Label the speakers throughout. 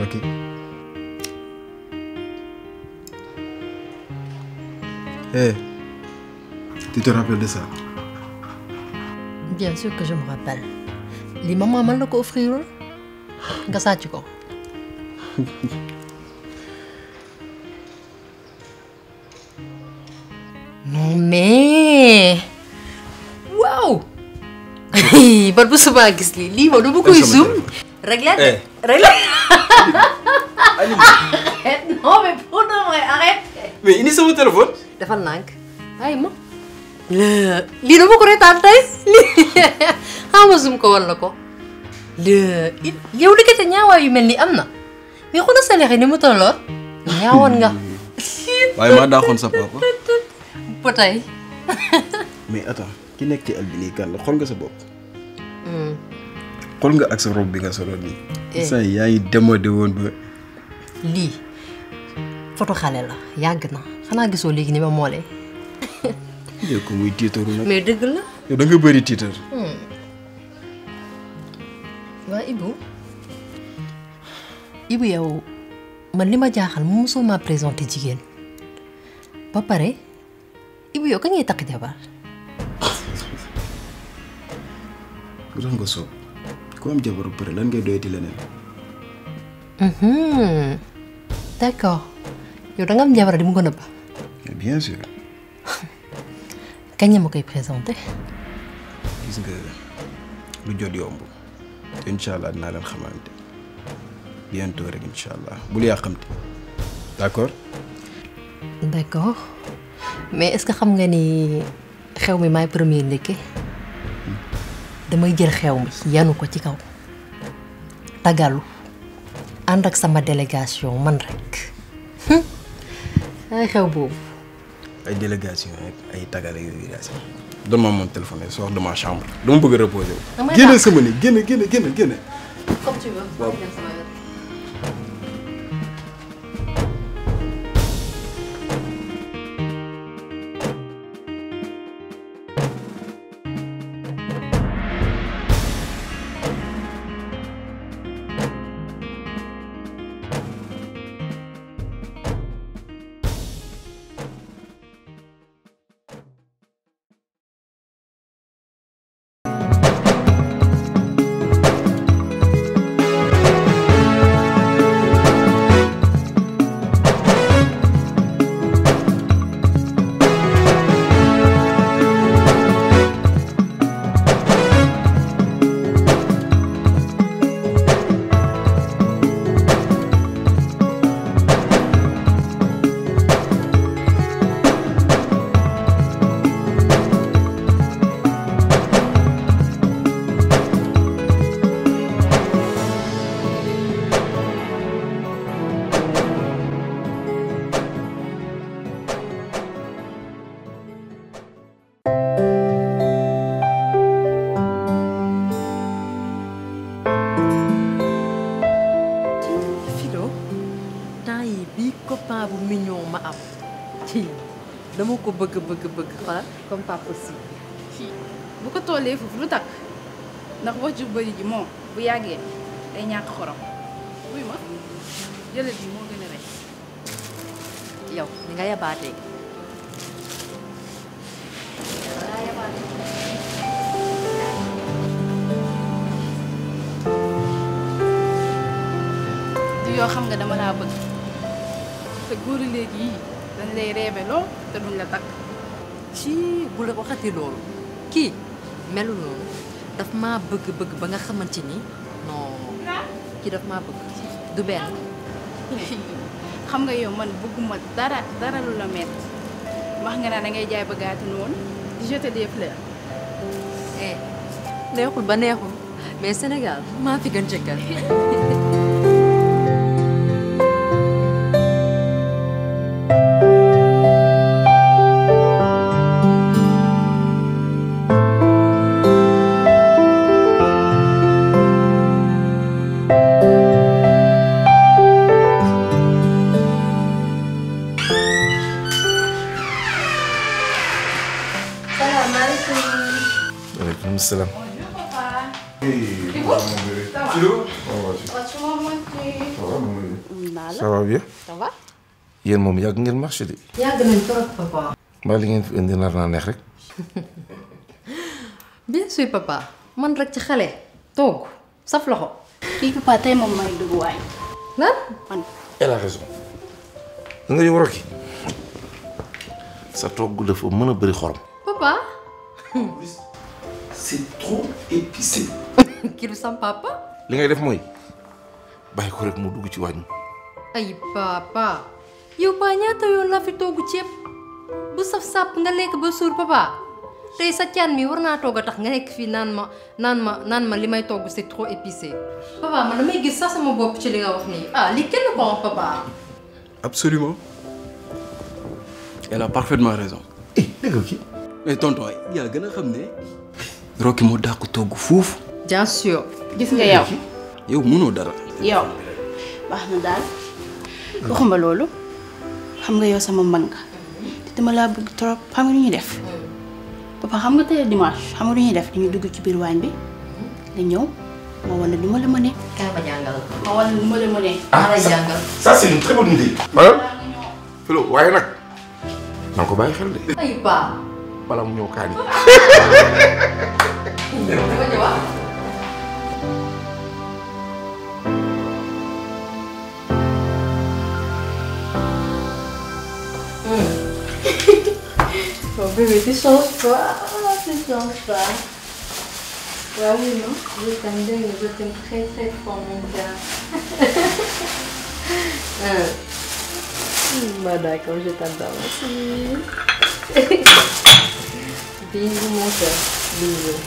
Speaker 1: Ok. Hé, eh, tu te rappelles de ça
Speaker 2: Bien sûr que je me rappelle. Les mamans m'ont offert. Tu as Non mais... Wow Par bu subaa gis lii lii moom du ma koy zoom. Regarde, eh. regarde. Arrête, non, mais pour de vrai, arrête.
Speaker 3: Mais ini semua telepon?
Speaker 2: Telepon nang. Hai, mo. Le, li no mo kore Kamu zum ko wallo ko. Le, li kete nyawa yu melni amna. Mi ya, khuna sale khini mo tolo. Nyawon nga.
Speaker 1: Bay ma da khon sa papa. Potay. Mais attends, ki nek ci xol kan? nga sa bop. Hmm xool nga ak sa robe bi nga solo nii. Eh. sa yaay demade woon ba.
Speaker 2: lii foto xale la yàgg na xanaa gisoo léegi ni ma moolee.
Speaker 1: yow ko muy tiitaru nag. mais dëgg la. yow da nga bëri tiitar.
Speaker 2: waa Ibou Ibou yow man li ma jaaxal mu mosoo maa présenté jigéen ba pare Ibou yow ya, ka ngay takk jabar.
Speaker 1: lan nga ku am jabaru ke lan ngay doyati mm-hmm.
Speaker 2: leneen. d' accord yow da nga am jabar di mu ko nëbb. bien sûr. kañ la koy présenté.
Speaker 1: gis nga lu jot yomb allah dinaa leen bientôt rek incha allah bul yaa xamte
Speaker 2: d' mais est ce que xam nga ni xew mi premier damay jël xew yanu ko ci kaw tagalu ànd ak sama délégation man rek hum? ay xew boobu.
Speaker 1: ay délégation rek ay tagal délégation. ma téléphone de ma chambre. dama reposer wu.
Speaker 2: sama comme tu veux. moment bu mignon ya ma am ci dama ko bëgg bëgg bëgg xoolal comme pas possible
Speaker 3: kii bu ko tollee foofu lu takk ndax wax ju bëri ji moom bu yàggee day ñàkk xorom buy ma jële bi moo gën a rey
Speaker 2: yow ni nga yabaatee
Speaker 3: du yoo xam nga dama laa bëgg te góori léegi yii dañ lay reebeloo te duñ la takk ci bu la waxati loolu
Speaker 2: kii melu loolu daf ma bëgg-bëgg ba nga xamante ni non kii daf maa bëgg du benn
Speaker 3: xam nga yow man bëgguma dara dara lu la metti wax nga naa da ngay jaay bëggaati noonu di jeter des fleurs eh,
Speaker 2: neexul ba neexul mais Sénégal maa fi gën jëkkal
Speaker 4: papa. moom yàgg ngeen marché de.
Speaker 2: yàgg nañ trop papa.
Speaker 4: li ngeen fi indi nar naa neex
Speaker 3: man rek ci xale. toog saf loxo. kii papa tey moom may dugg waay. lan man.
Speaker 1: elle a
Speaker 4: raison. sa togg dafa mën a bari xorom.
Speaker 3: papa.
Speaker 2: c'est trop épicé. kii du sam papa.
Speaker 4: li ngay def mooy bàyyi ko rek mu dugg ci wàññi.
Speaker 2: Ayba pa. Yupanya to yun lafi to gucip. Busaf sap ngale ke busur papa. Tei satyan mi warna to gatak ngale kfi nan ma nan ma nan ma lima to gusi tro épicé. Papa, mana mi gisa sama bop chili gawakni. Ah, likel ko papa.
Speaker 1: Absolument. Elle a parfaitement raison. Eh, d'accord qui Mais tonton, il y a gana xamné. Roki mo dakku togu fouf. Bien sûr. Gis nga yow. Yow mëno dara.
Speaker 3: Yow. Bahna dal. waxuma loolu xam nga yow sama man nga te dama laa bëgg trop xam nga lu def papa xam nga tey dimanche xam nga lu def dañuy dugg ci biir waañ bi nga ñëw ma wala lu ma la mënee. kaay ma jàngal ma wala lu ma la mënee. ah
Speaker 4: ça ah? waaye nag na ko bàyyi xel de. ay mu ñëw kaani.
Speaker 2: Oh bébé, tu changes pas, tu changes pas. oui, non Je t'aime bien, je t'aime très très fort, mon gars. euh. d'accord, hmm, bah, bah, je t'adore mon Bisous.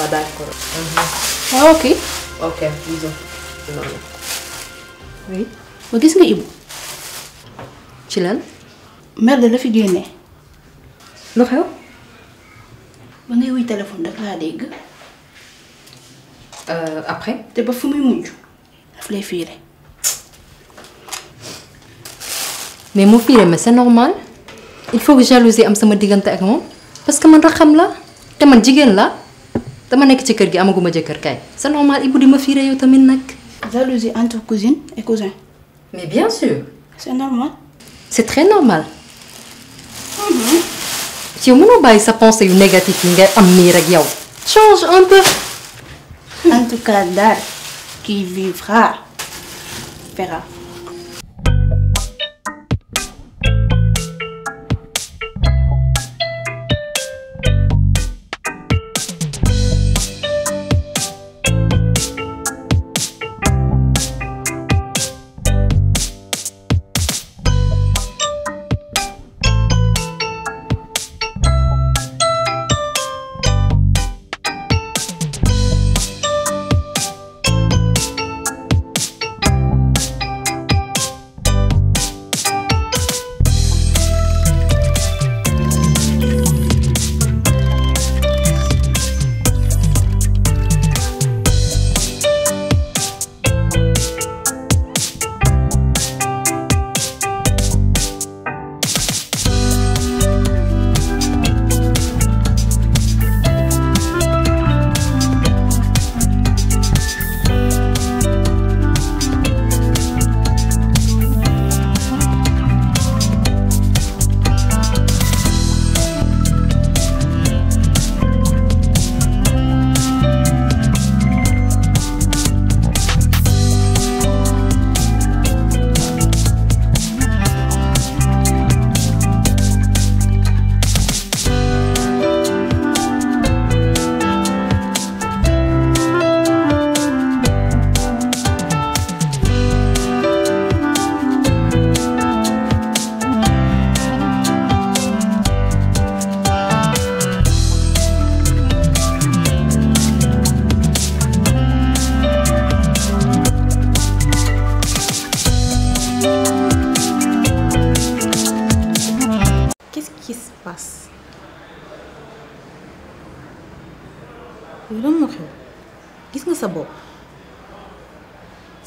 Speaker 2: Ah, d'accord. Mhm. Ah, ok. Ok, bisous.
Speaker 3: Oui. qu'est-ce que Merde, du nez lu xew ba ngay wuy téléphone daf laa dégg euh, après te ba fu muy mujj daf lay fiire
Speaker 2: mais mu fiire mais c'est normal il faut que jalousie am sama diggante ak moom parce que man raxam la te man jigéen la dama nekk ci kër gi amaguma jëkkër kay
Speaker 3: c'est normal Ibou di ma fiire yow tamit nag jalousie entre cousine et cousin mais bien sûr c'est normal
Speaker 2: c'est très normal mmh. Si o n'avez pas pensé négatif, vous a
Speaker 3: Change un peu. um tout cas, cadar que
Speaker 5: vivra, verra.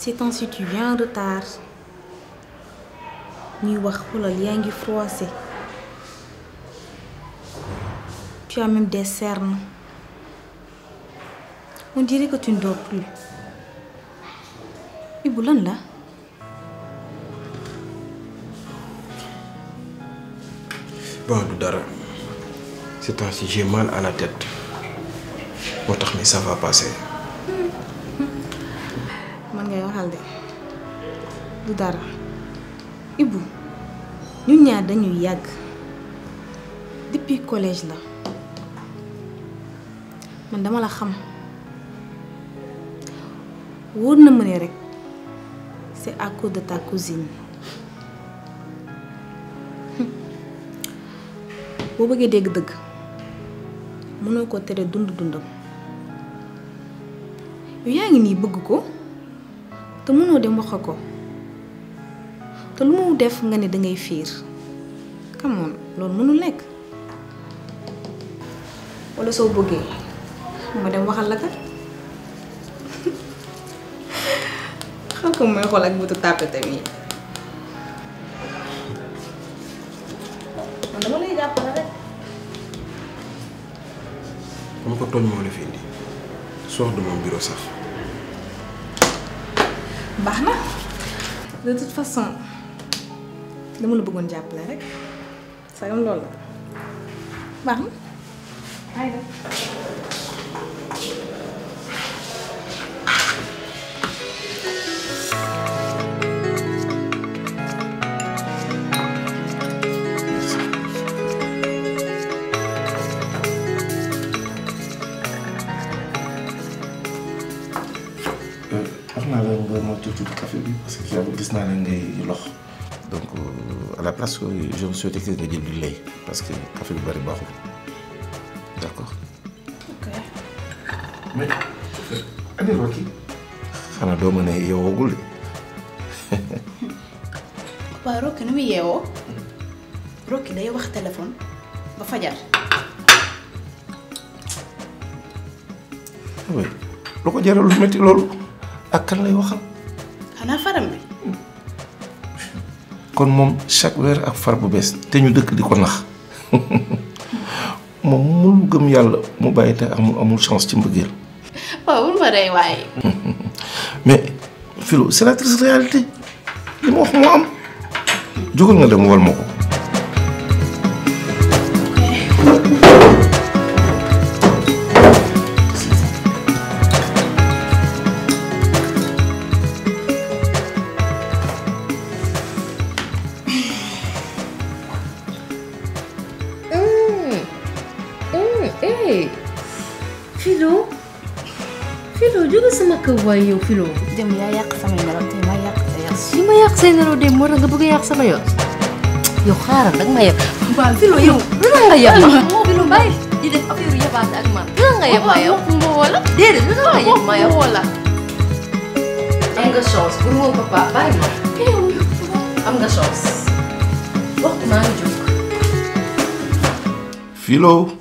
Speaker 5: C'est temps-ci tu viens en retard Ni wax xoolal ngi froissé tu as même des cernes on dirait que tu ne dors plus Iboulan lan la
Speaker 1: bon Doudara, c'est ainsi j'ai mal à la tête mais ça va passer
Speaker 5: waxal dara Ibou ñun ñaar dañuy yàgg depuis collège la man dama la xam wóor na ma ne rek c'est à boo bëggee dégg dëgg mënoo ko tere dund dundam yu yaa nii bëgg ko te mënoo dem wax ko te lu mu def nga ne da ngay fiir come on loolu mënul nekk wala soo bëggee ma dem waxal la kat xam ko mooy xool ak butu tàppetam yi man dama lay jàppale rek.
Speaker 1: comme ko tooñ moo la fi indi soox du moom bureau sax.
Speaker 5: baax na de toute façon dama la bëggoon jàppale rek sagam loolu la baax na.
Speaker 4: surtout affaire bi parce que yow gis naa ne ngay lox donc euh, à la place je me souhaitais que nga jël du lait parce que café bi bari baaxul d' accord. ok. mais andi Rocky. xanaa doo ma ne yeewoogul de.
Speaker 3: waaw Rocky nu muy yeewoo Rocky day wax téléphone ba fajar.
Speaker 4: oui lu ko jaral lu metti loolu ak kan lay waxal xanaa faram kon moom chaque weer ak far bu te ñu dëkk di ko nax moom chance ci
Speaker 3: ma
Speaker 4: mais c'est la triste réalité Je ma am jógal nga dem
Speaker 2: eh
Speaker 3: filo filo juga sama kawaii filo dem ya yak sama yang dalam tema yak si
Speaker 2: mayak saya naro dem mora nggak bukan yak sama yo yo karang dang mayak bal filo yo bilang nggak ya filo baik jadi apa yo ya bal dang mah bilang nggak ya mah yo kumbola dia itu nggak ya mah yo bola angga sauce kurung papa baik mah angga sauce Waktu mana juga
Speaker 4: Filo.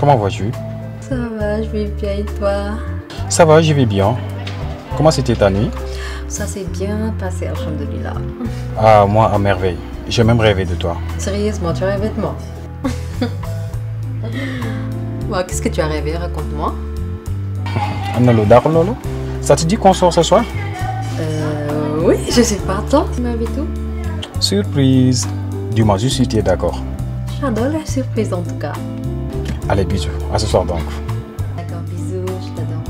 Speaker 1: Comment vas-tu
Speaker 2: Ça va, je vais bien et toi
Speaker 1: Ça va, je vais bien. Comment c'était ta nuit
Speaker 2: Ça s'est bien passé, de là.
Speaker 1: Ah, moi, à merveille. J'ai même rêvé de toi.
Speaker 2: Sérieusement, tu as rêvé de moi Qu'est-ce que tu as rêvé Raconte-moi.
Speaker 1: Ça te dit qu'on sort ce soir
Speaker 2: Euh, oui, je suis partant. Tu vu tout?
Speaker 1: Surprise. Du moins, tu es d'accord.
Speaker 2: J'adore la surprise en tout cas.
Speaker 1: Allez, bisous. À ce soir donc. D'accord, bisous, je t'adore.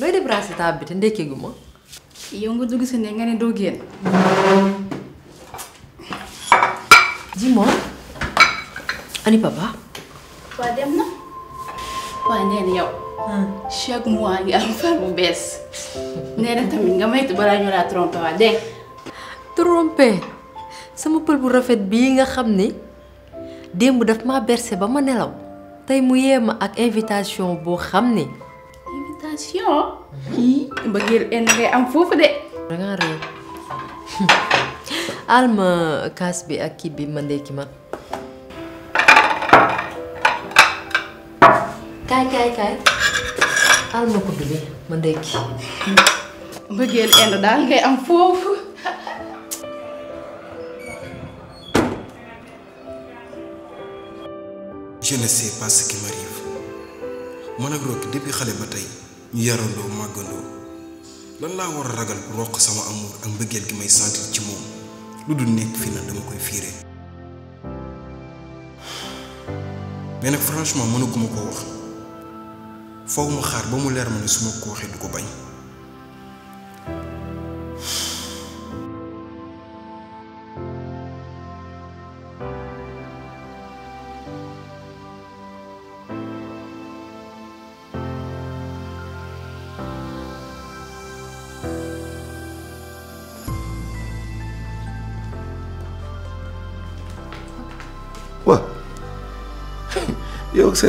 Speaker 2: looy def raasi taab bi te ndekkeegu ma.
Speaker 3: yow nga dugg si ne nga ne doo génn.
Speaker 2: dis-moi. ani papa.
Speaker 3: waa dem na. waaye nee na ah. yow. chaque mois nga am far bu bees. nee na tamit nga trompe balaa ñu laa trompé waa dégg trompé sama pël bu rafet bii nga xam ni
Speaker 2: démb daf ma ber seba ma nelaw tey mu yee ma ak invitation boo xam ni.
Speaker 3: invitation.
Speaker 2: en ngay am fuf de. da alma kaas bi ak
Speaker 3: kaay kaay kaay
Speaker 2: al ma kudd bi ma ndekki.
Speaker 3: mbëggeel end daal ngay am foofu.
Speaker 1: je ne sais pas ce qui ak Rocky depuis xale ba tey ñu yarandoo màggandoo lan laa war a ragal roq sama amour ak mbëggeel gi may sentir ci moom lu dul nekk fii nag dama koy fiire mais nag franchement mënaguma ko wax. Fomos mu xaar ba mu leer ma ne su ma ko waxee du ko bañ
Speaker 4: yow ak sa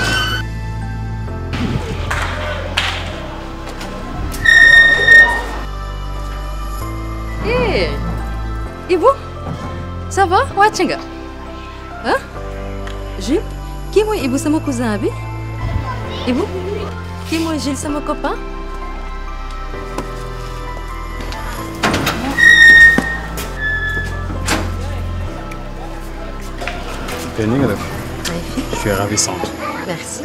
Speaker 2: Et vous, Ça va Wachinga Hein Jules Qui moi Ibu c'est mon cousin Et vous, Qui moi Gilles c'est mon copain
Speaker 1: Je suis ravissante.
Speaker 2: Merci.